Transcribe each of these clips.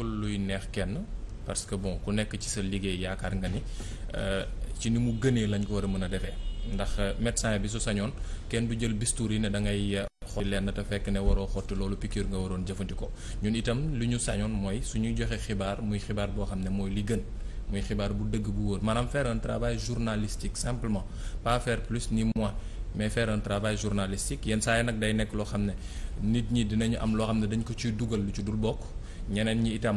nekkul luy neex kenn parce que bon ku nekk ci sa liggéey yaakaar nga ni euh, ci ni mu gënee lañ ko war a mën a defee ndax euh, médecin bi su sañoon kenn du jël bistour yi ne da ngay euh, xotti lenn te fekk ne waroo xotti loolu piqûre nga waroon jëfandikoo ñun itam lu ñu sañoon mooy su suñuy joxe xibaar muy xibaar boo xam ne mooy li gën muy xibaar bu dëgg bu wóor maanaam faire un travail journalistique simplement pas faire plus ni moins mais faire un travail journalistique yenn nag day nekk loo xam ne nit ñi dinañu am loo xam ne dañ ko ciy dugal ci dul bokk ñeneen ñi itam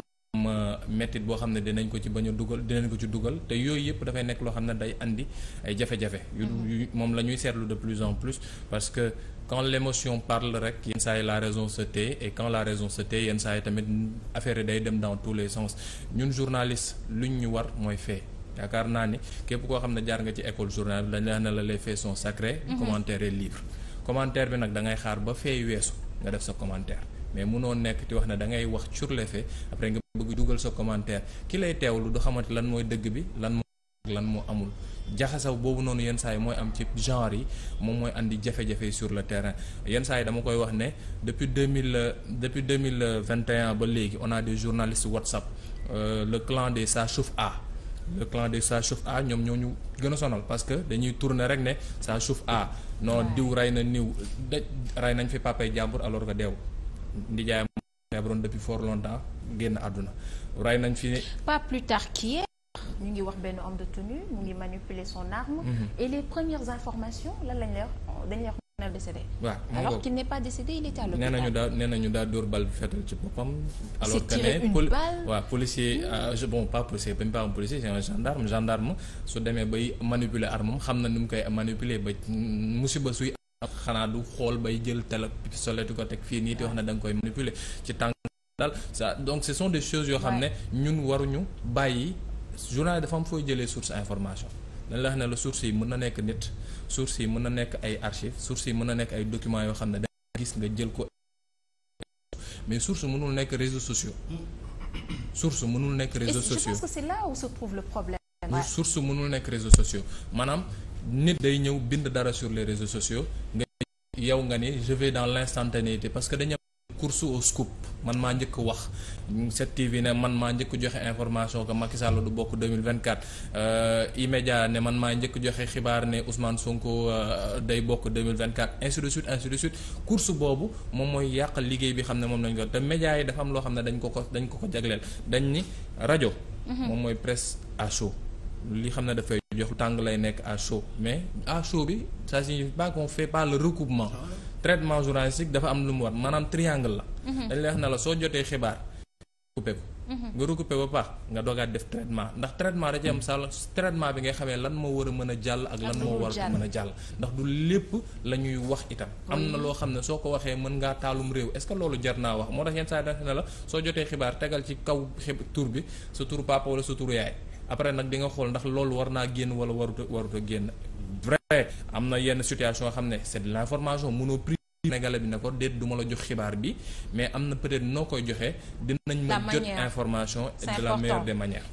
mettit boo xam ne dinañ ko ci bañ a dugal dinañ ko ci dugal te yooyu yëpp dafay nekk loo xam ne day andi ay jafe moom la ñuy seetlu de plus en plus parce que quand l'émotion parle rek yenn saa yi la raison se tait la raison se tait yenn saa tamit affaire day dem dans tous les sens ñun journaliste lu ñu war mooy fee yaakaar naa ni képp koo xam ne jaar nga ci école journal dañ la ne la les faits sont sacrés mhm. commentaire est commentaire bi nag da ngay xaar ba fee weesu nga def sa commentaire mais munoo nekk ti wax na da ngay wax sur les après nga bëgg dugal sa commentaire ki lay teewlu du xamante lan mooy dëgg bi lan moo lan moo amul jaxasaw boobu noonu yenn saa yi mooy am ci genre yi moom mooy indi jafe-jafe sur le terrain yenn saa yi dama koy wax ne depuis deux mille depuis deux mille vingt et ba léegi on a des journalistes WhatsApp euh, le clan des ça chauffe A. le clan de sa chauffe A ñoom ñoo ñu gën a sonal parce que dañuy tourner rek ne ça chauffe A non diw rey na niw daj rey nañ fi papay jàmbur alors que deew nijaayam feebaroon depuis fort longtemps génn àdduna ray nañ fi pas plus tard qu'hier ñu ngi wax benn homme de tenue mu ngi manipuler son arme mhm. et les premières informations lan lañ lay wax dañ lay wax waaw moom alors qu'il n'est pas décédé il était à l'hôpital nañu daa nee nañu daa dóor bal fetal ci boppam. alors que ne poli waaw policier euh, bon pas policier même pas un policier c'est un gendarme gendarme su demee bay manipuler armam xam na nu mu koy manipuler ba musiba suy. xanaa du xool bay jël télé pistolet di ko teg fii nii di wax ne da nga koy manipuler ci tànk daal ça donc ce sont des choses yoo xam ne ñun waruñu bàyyi journal dafa am fooy source information dañ la wax ne la source yi mën na nekk nit source yi mën na nekk ay archives source yi mën na nekk ay documents yoo xam ne da gis nga jël ko mais source mënul nekk réseaux sociaux source mënul nekk réseaux sociaux je pense que nit day ñëw bind dara sur les réseaux sociaux nga yow nga ni je vais dans l'instantanéité parce que dañu course au scoop man maa njëkk wax 7TV ne man maa njëkk joxe information ko Macky Sall du bokk 2024 euh, E-Media ne man maa njëkk joxe xibaar ne Ousmane Sonko euh, day bokk 2024 ainsi de suite ainsi de suite course boobu moom mooy yàq liggéey bi xam ne moom lañ ko te yi dafa am loo xam ne dañ ko ko ko ko jagleel dañ ni rajo mhm. moom mooy presse à dafay yox tàng lay nekk à chaud mais à chaud bi ça signifie pas qu'on fait pas le recoupement traitement journalistique dafa am lu mu war maanaam triangle la mhm. dañ lay wax na la soo jotee xibaar bu ko mhm. nga recoupé ba paax nga doogaat def traitement ndax traitement da ci am mhm. sal traitement bi ngay xamee lan moo war a mën a jàll ak lan moo war a mën a jàll ndax du lépp la ñuy wax itam am na loo xam ne soo ko waxee mën nga taalum réew est-ce que loolu jar naa wax moo tax yenn saa yi dafa la soo jotee xibaar tegal ci kaw tur bi sa après nag di nga xool ndax loolu war naa génn wala warut a warut a génn vrai am na yenn situation xam ne c'est de l'information mënoo pris Sénégalais bi ne ko déet du la jox xibaar bi mais am na peut-être noo koy joxe dinañ ma jot information de la meilleure des manières